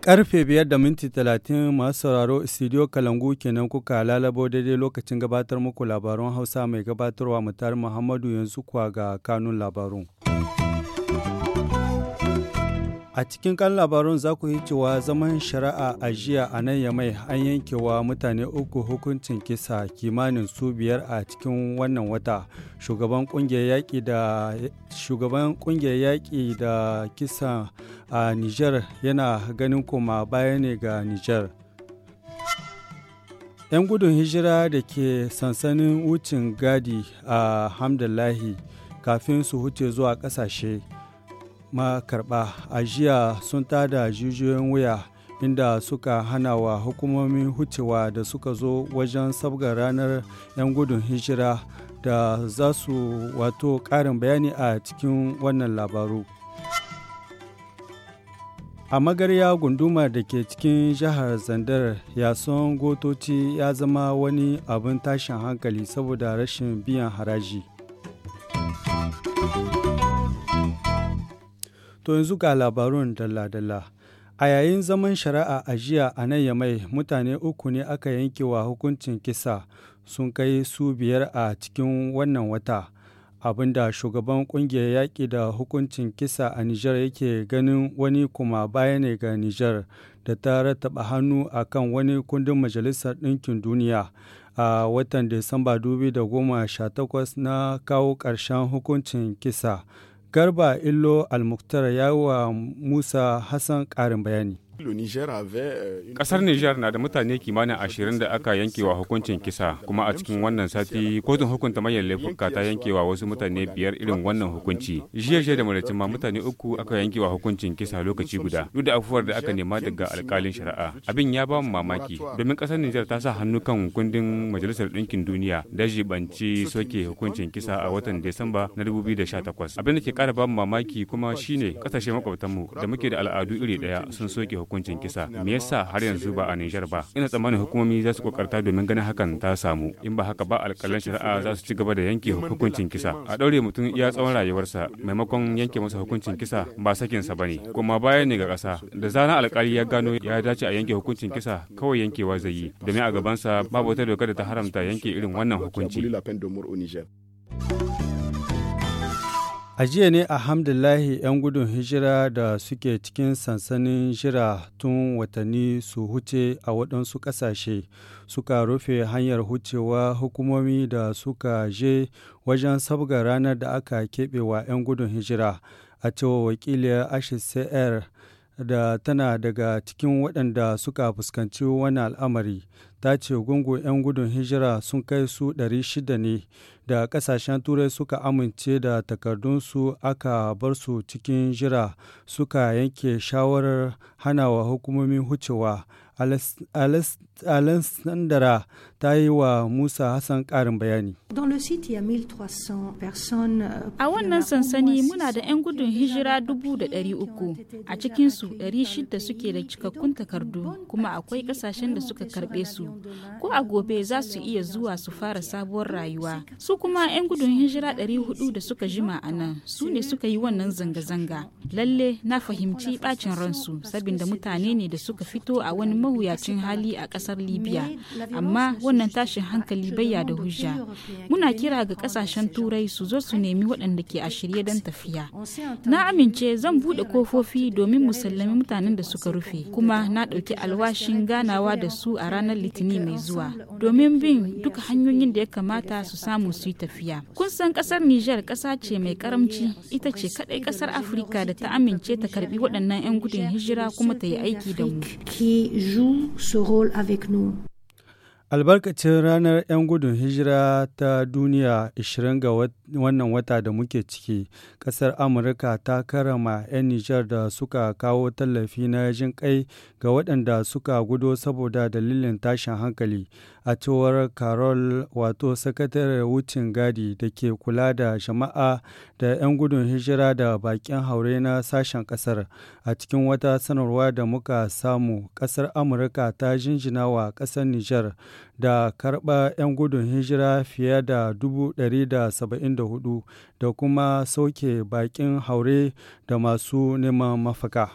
Karfe biyar da minti talatin masu sauraro studio Kalangu kenan kuka lalabo daidai lokacin gabatar muku labarun Hausa mai gabatarwa mutar Muhammadu yanzu kuwa ga kanun labarun. A cikin kan labarun za ku yi cewa zaman shari'a a jiya a nan ya mai an yanke wa mutane uku hukuncin kisa kimanin su biyar a cikin wannan wata. Shugaban kungiyar yaƙi da kisa a Nijar yana ganin kuma baya ne ga Nijar. 'Yan gudun hijira da ke sansanin wucin gadi a Hamdallahi kafin su huce zuwa ƙasashe. makarba a jiya sun tada jijiyoyin wuya inda suka hana wa hukumomin hucewa da suka zo wajen sabga ranar 'yan gudun hijira da za su wato ƙarin bayani a cikin wannan labaru. a magarya gunduma da ke cikin jihar zandar yason gotoci ya zama wani abin tashin hankali saboda rashin biyan haraji To yanzu ga labarun dalla-dalla. A yayin zaman shari'a a jiya a nan Yamai mutane uku ne aka yanke wa hukuncin kisa sun kai su biyar a cikin wannan wata. abinda shugaban kungiyar yaƙi da hukuncin kisa a Nijar yake ganin wani kuma baya ne ga Nijar da ta rataba hannu a kan wani kundin Majalisar Ɗinkin Duniya a watan Disamba 2018 na kawo ƙarshen hukuncin kisa. Garba Illo Almuktar ya yi wa Musa Hassan ƙarin bayani. Euh, kasar Nijar na da mutane kimanin ashirin da aka yankewa hukuncin kisa kuma a cikin wannan sati kotun hukunta manyan laifuka ta yankewa wasu mutane biyar irin wannan hukunci. Jiya jiya da maraicin ma mutane uku aka yankewa hukuncin kisa lokaci guda duk da afuwar da aka nema daga alkalin shari'a. Abin ya ba mu mamaki domin kasar Nijar ta sa hannu kan kundin euh, Majalisar Ɗinkin Duniya da jibanci soke hukuncin kisa a watan Disamba na 2018. Abin da ke kara ba mu mamaki kuma shine kasashe makwabtanmu da muke da al'adu iri ɗaya sun soke hukuncin kisa me yasa har yanzu ba a Nijar ba ina tsammanin hukumomi za su kokarta domin ganin hakan ta samu in ba haka ba alƙalan shari'a za su ci gaba da yanke hukuncin kisa a ɗaure mutum iya tsawon rayuwarsa maimakon yanke masa hukuncin kisa ba sakinsa ba ne kuma bayan ne ga ƙasa da zana alƙali ya gano ya dace a yanke hukuncin kisa kawai yankewa zai yi domin a gabansa babu wata doka da ta haramta yanke irin wannan hukunci. A jiya ne alhamdulahi 'yan gudun hijira da suke cikin sansanin jira tun watanni su huce a waɗansu ƙasashe suka rufe hanyar hucewa hukumomi da suka je wajen sabga ranar da aka keɓewa 'yan gudun hijira a cewa wakiliyar HCR da tana daga cikin waɗanda suka fuskanci wani al'amari ta ce gungun 'yan gudun hijira sun kai su 600 ne da kasashen turai suka amince da takardunsu aka bar su cikin jira suka yanke shawarar hanawa hukumomin hucewa Alessandra ta yi wa Musa Hassan ƙarin bayani. A euh, wannan sansani muna da 'yan gudun hijira dubu da 300,000 a cikinsu 600 suke da cikakkun takardu kuma akwai ƙasashen da suka karɓe su. Ko a gobe za su iya zuwa su fara sabuwar rayuwa. Su kuma 'yan gudun hijira 400 da suka jima a nan su ne suka yi wannan zanga-zanga. Lalle na fahimci ɓacin ransu sabida mutane ne da suka fito a wani mawuyacin hali a ƙasar Libya, amma wannan tashin hankali bayya da hujja. Muna kira ga ƙasashen Turai su zo su nemi waɗanda ke a shirye don tafiya. Na amince zan buɗe kofofi domin musallami mutanen da suka rufe, kuma na ɗauki alwashin ganawa da su a ranar Litinin mai zuwa, domin bin duka hanyoyin da ya kamata su samu su yi tafiya. Kun san ƙasar niger ƙasa ce mai karamci, ita ce kaɗai ƙasar Afirka da ta amince ta karbi waɗannan 'yan gudun hijira kuma ta yi aiki da mu. joue ce rôle avec nous. Albarkacin ranar 'yan gudun hijira ta duniya 20 ga watan wannan wata da muke ciki kasar amurka ta karama 'yan nijar da suka kawo tallafi na jin kai ga waɗanda suka gudo saboda dalilin tashin hankali a cewar carol wato sakatare wucin gadi da ke kula da jama'a da 'yan gudun hijira da bakin haure na sashen kasar a cikin wata sanarwa da muka samu kasar amurka ta jinjina wa kasar nijar da karɓa 'yan gudun hijira fiye da 174 da kuma sauke baƙin haure da masu neman mafaka.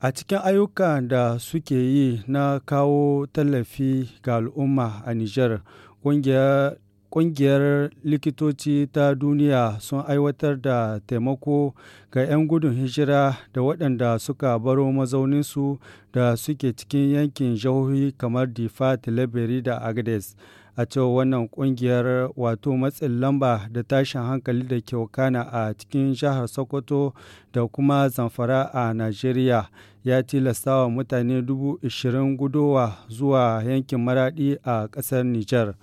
A cikin ayyukan da suke yi na kawo tallafi ga al'umma a Nijar, ƙungiyar Ƙungiyar Likitoci ta Duniya sun aiwatar da taimako ga 'yan gudun hijira da waɗanda suka baro mazauninsu da suke cikin yankin jihohi kamar Difa, Tilaberi da Agades. A cewa wannan ƙungiyar wato matsin lamba da tashin hankali da ke wakana a cikin jihar Sokoto da kuma Zamfara a nigeria ya tilasta wa mutane dubu ishirin gudowa zuwa yankin maradi a ƙasar Nijar.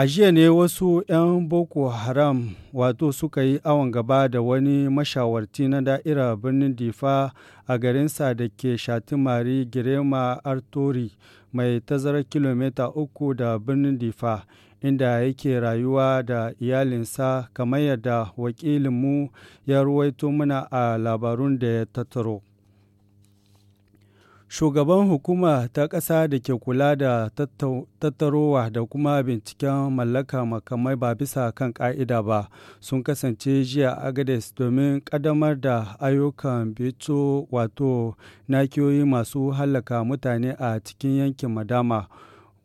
A jiya ne wasu 'yan Boko Haram wato suka yi awon gaba da wani mashawarci na da'ira birnin Difa a garinsa da ke Shatimari Girema Artori mai tazarar kilomita uku da birnin Difa inda yake rayuwa da iyalinsa kamar yadda wakilinmu ya ruwaito mana a labarun da ya tattaro. shugaban hukuma ta ƙasa da ke kula da tattarowa da kuma binciken mallaka makamai ba bisa kan ƙa'ida ba sun kasance jiya agades domin ƙaddamar da ayyukan bito wato nakiyoyi masu hallaka mutane a cikin yankin madama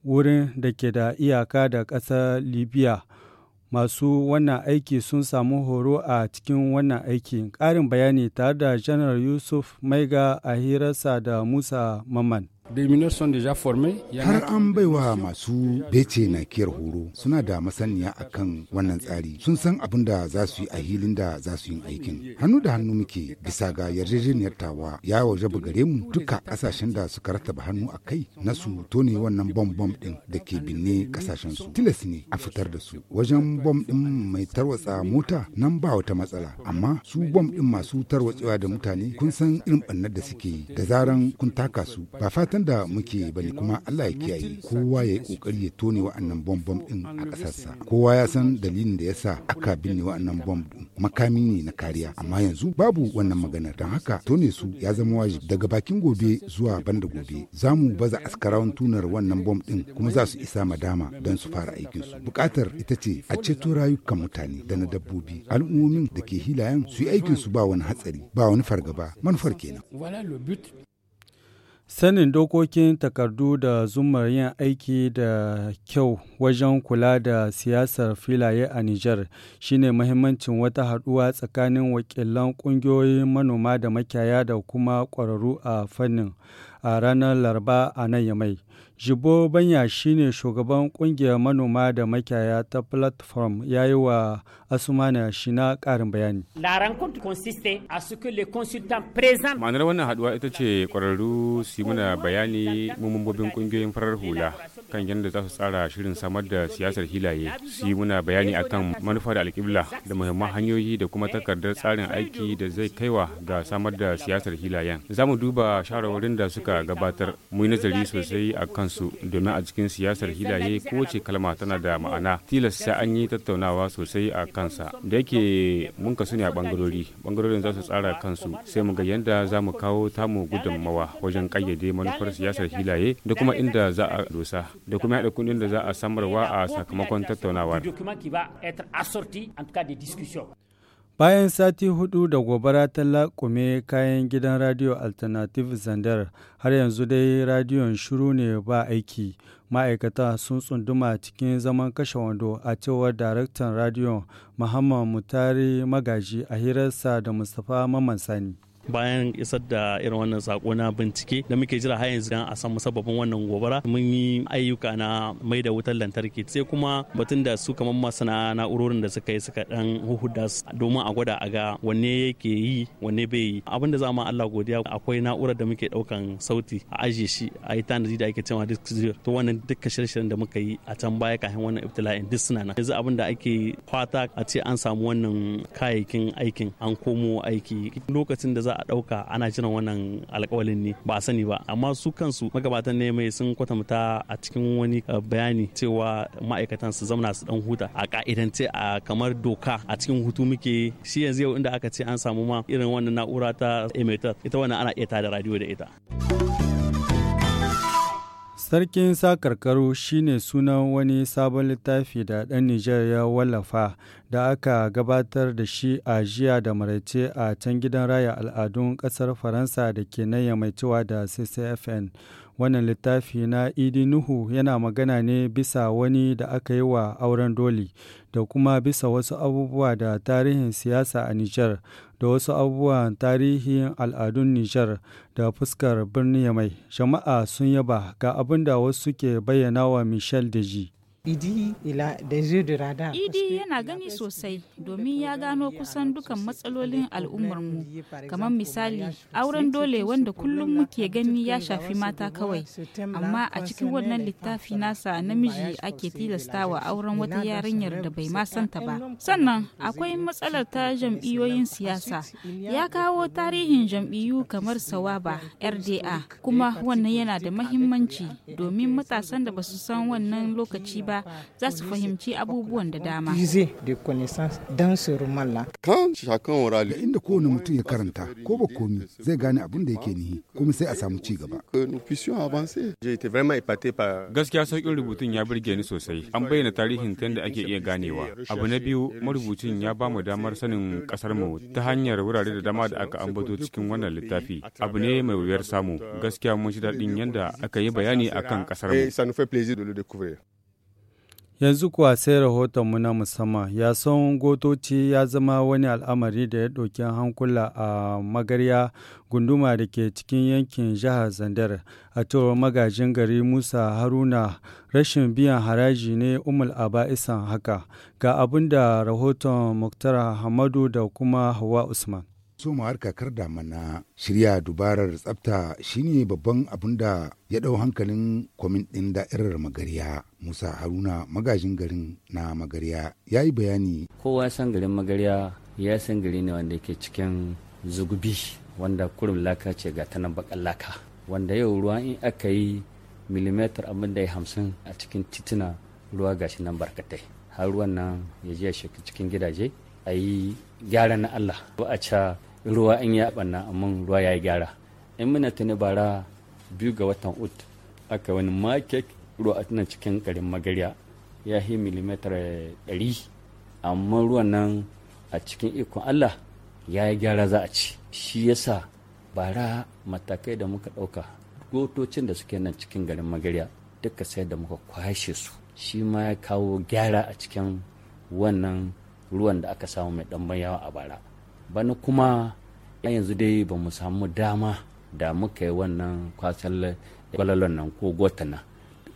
wurin da ke da iyaka da ƙasar libya masu wannan aiki sun samu horo a cikin wannan aiki. Ƙarin bayani tare da Janar Yusuf Maiga a hirarsa da Musa Maman. Har an baiwa masu bece na kiyar horo suna da masaniya kan wannan tsari sun san abin da za su yi a hilin da za su yi aikin. Hannu da hannu muke bisa ga yarjejeniyar tawa ya waje buga mu duka kasashen da suka rattaba hannu a kai na su tone wannan bom bom din da ke binne kasashen su. Tilas ne a fitar da su wajen bom din mai tarwatsa mota nan ba wata matsala amma su bom din masu tarwatsewa da mutane kun san irin bannar da suke da zaran kun taka su ba fata matakan da muke bane kuma Allah ya kiyaye kowa ya yi kokari ya tone wa'annan bombom din a kasarsa kowa ya san dalilin da yasa aka binne wa'annan bomb makami ne na kariya amma yanzu babu wannan magana don haka tone su ya zama wajibi daga bakin gobe zuwa banda gobe za mu baza askarawan tunar wannan bom din kuma za su isa madama don su fara aikin su bukatar ita ce a ceto rayukan mutane da na dabbobi al'ummomin da ke hilayen su yi aikin su ba wani hatsari ba wani fargaba manufar kenan Sanin dokokin takardu da zumar yin aiki da kyau wajen kula da siyasar filaye a Nijar shine mahimmancin wata haɗuwa tsakanin wakilan ƙungiyoyin manoma da makiyaya da kuma ƙwararru a fannin a ranar Laraba a nan ya mai. Jibo Banya shine shugaban kungiyar manoma da makiyaya ta platform ya yi wa Asumana Shina karin bayani. La rencontre consiste Ma'anar wannan haduwa ita ce kwararru su muna bayani mu mambobin kungiyoyin farar hula kan yadda za su tsara shirin samar da siyasar hilaye su muna bayani akan manufa da alƙibla da muhimman hanyoyi da kuma takardar tsarin aiki da zai kaiwa ga samar da siyasar hilayen. Za mu duba shawarwarin da suka gabatar mu yi nazari sosai akan kansu domin a cikin siyasar hilaye kowace kalma tana da ma'ana tilas sai an yi tattaunawa sosai a kansa da yake mun kasu ne a bangarori bangarorin za su tsara kansu sai mu ga yadda za mu kawo tamu gudunmawa wajen kayyade manufar siyasar hilaye da kuma inda za a dosa da kuma haɗa kundin da za a samarwa a sakamakon tattaunawar. Bayan sati hudu da gobara ta laƙume kayan gidan Radio Alternative Zandar, har yanzu dai radiyon shiru ne ba aiki. Ma'aikata sun tsunduma cikin zaman kashe wando a cewar daraktan radiyon Muhammad Mutari Magaji a hirarsa da Mustapha Mamman Sani. bayan isar da irin wannan sako na bincike da muke jira har yanzu a san musabbabin wannan gobara mun yi ayyuka na mai da wutar lantarki sai kuma batun da su kamar masana na'urorin da suka yi suka dan huhuda domin a gwada a ga wanne yake yi wanne bai yi abin da za mu Allah godiya akwai na'urar da muke daukan sauti a ajiye shi a yi tanadi da ake cewa disk zero to wannan dukkan shirye-shiryen da muka yi a can baya kafin wannan ibtila'in duk suna nan yanzu abin da ake fata a ce an samu wannan kayayyakin aikin an komo aiki lokacin da za a ɗauka ana jiran wannan alƙawalin ne ba a sani ba amma su kansu magabatan ne mai sun kwatanta a cikin wani eh, bayani cewa ma'aikatan su zamana su dan huta a ka'idance a kamar doka a cikin hutu muke shi yanzu yau inda aka ce an samu ma irin wannan na'ura ta emitter ita wannan ana iya tada radio da ita. Sarkin sakarkaru shi ne sunan wani sabon littafi da ɗan Nijar ya wallafa da aka gabatar da shi a jiya da maraice a can gidan raya al'adun ƙasar Faransa da ke nan yamaitowa da CCFN. Wannan littafi na Idi Nuhu yana magana ne bisa wani da aka yi wa auren doli da kuma bisa wasu abubuwa da tarihin siyasa a Nijar da wasu abubuwan tarihin al'adun Nijar da fuskar birnin mai. Jama'a sun yaba ga abin da wasu ke bayyana wa Michel Deji. idi yana gani sosai domin ya gano kusan dukan matsalolin al'ummarmu kamar misali auren dole wanda kullum muke gani ya shafi mata kawai amma a cikin wannan littafi nasa namiji ake wa auren wata yarinyar da bai ma santa ba sannan akwai matsalar ta jam'iyyoyin siyasa ya kawo tarihin jam'iyyu kamar sawaba rda kuma wannan yana da mahimmanci domin matasan da ba su san wannan lokaci ba ba za su fahimci abubuwan da dama. Da inda kowane mutum ya karanta ko ba komi zai gane abin da yake nihi kuma sai a samu ci gaba. Gaskiya sauƙin rubutun ya birge ni sosai. An bayyana tarihin ta da ake iya ganewa. Abu na biyu marubucin ya ba mu damar sanin ƙasar mu ta hanyar wurare da dama da aka ambato cikin wannan littafi. Abu ne mai wuyar samu. Gaskiya mun shi daɗin yadda aka yi bayani akan ƙasar mu. Yanzu kuwa sai rahotonmu na musamman, ya son gotoci ya zama wani al'amari da ya ɗauki hankula a magarya gunduma da ke cikin yankin jihar Zandar. A cewar magajin gari Musa Haruna, rashin biyan haraji ne umul isan haka. Ga abin da rahoton Muktar Hamadu da kuma Hawa Usman. somawar kakar damana shirya dubarar tsafta shine babban abin da ya ɗau hankalin kwamin ɗin da'irar magariya musa haruna magajin garin na magariya ya yi bayani kowa san garin magariya ya san gari ne wanda ke cikin zugubi wanda kurum laka ce ga tanan bakan laka wanda yau ruwa in aka yi milimetar abin da ya hamsin a cikin tituna ruwa gashi nan barkatai har ruwan nan ya je cikin gidaje a yi gyara na Allah ba a ca ruwa in ya ɓanna amma ruwa ya yi gyara in muna tuni bara biyu ga watan ut aka wani market ruwa a cikin garin magarya ya yi milimetar ɗari amma ruwan nan a cikin ikon Allah ya yi gyara za a ci shi yasa bara matakai da muka ɗauka gotocin da suke nan cikin garin magarya duka sai da muka kwashe su shi ma ya kawo gyara a cikin wannan ruwan da aka samu mai ɗanban yawa a bara bana kuma yanzu dai ba mu samu dama da muka yi wannan kwasan kwalalon nan ko gotana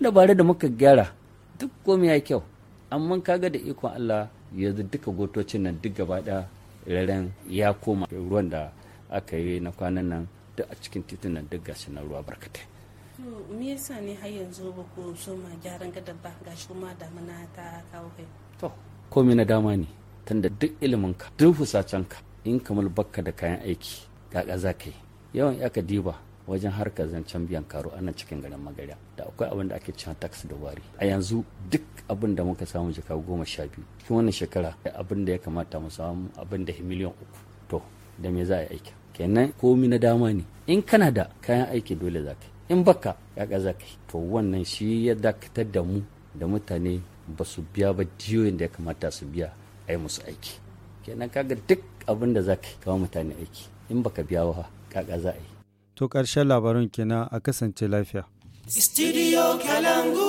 da bare da muka gyara duk komai ya kyau amma ga da ikon Allah yanzu duka gotocin nan duk gaba da ya koma ruwan da aka yi na kwanan nan duk a cikin titunan duk gashi na ruwa barkatai me yasa ne har yanzu ba ku so ma gyaran gadar ba gashi kuma damuna ta kawo kai to komi na dama ne da duk iliminka duk fusacenka in kamar bakka da kayan aiki ga za ka yawan yaka diba wajen harkar zancen biyan karo ana cikin garin magariya da akwai abin da ake cewa tax da wari a yanzu duk abin da muka samu jaka goma sha biyu cikin wannan shekara abin da ya kamata mu samu abin da miliyan uku to da me za a yi aiki kenan komi na dama ne in kana da kayan aiki dole za ka in baka ya za ka to wannan shi ya dakatar da mu da mutane ba su biya ba diyoyin da ya kamata su biya a yi musu aiki kenan kaga duk abin da za ka kawo mutane aiki in baka biya wa kaka za a yi to karshen labarin kenan a kasance lafiya studio kalangu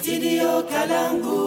studio kalangu